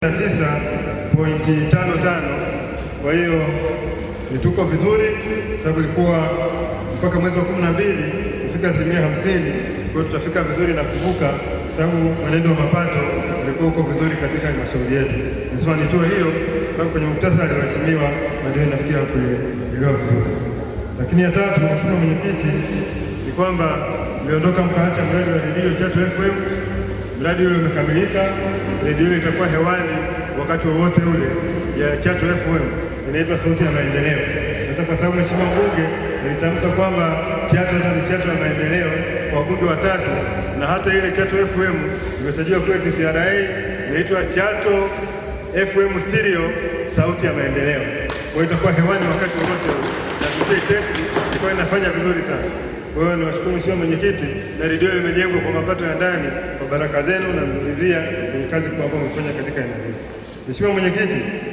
9.55 kwa hiyo nituko vizuri, sababu ilikuwa mpaka mwezi wa 12 kufika asilimia 50 Kwa hiyo tutafika vizuri na kuvuka, sababu mwenendo wa mapato ulikuwa uko vizuri katika halmashauri yetu. Nasema nitoe hiyo sababu kwenye muktasari waheshimiwa, ndio inafikia kuelewa vizuri. Lakini ya tatu, Mheshimiwa Mwenyekiti, ni kwamba niliondoka mkaacha mradi wa redio Chato FM Mradi ule umekamilika, redio ile itakuwa hewani wakati wowote ule ya Chato FM, inaitwa Sauti ya Maendeleo. Sasa kwa sababu Mheshimiwa Mbunge nilitamka kwamba Chato sasa ni Chato ya Maendeleo kwa wabunge watatu, na hata ile Chato FM imesajiliwa kule TCRA, inaitwa Chato FM Stereo, Sauti ya Maendeleo. Kwa itakuwa hewani wakati wowote ule na tutoi testi, kwa inafanya vizuri sana. Kwa hiyo niwashukuru Mheshimiwa Mwenyekiti, na redio imejengwa kwa mapato ya ndani kwa baraka zenu na mnurizia kazi kubwa ambayo amefanya katika eneo hili. Mheshimiwa Mwenyekiti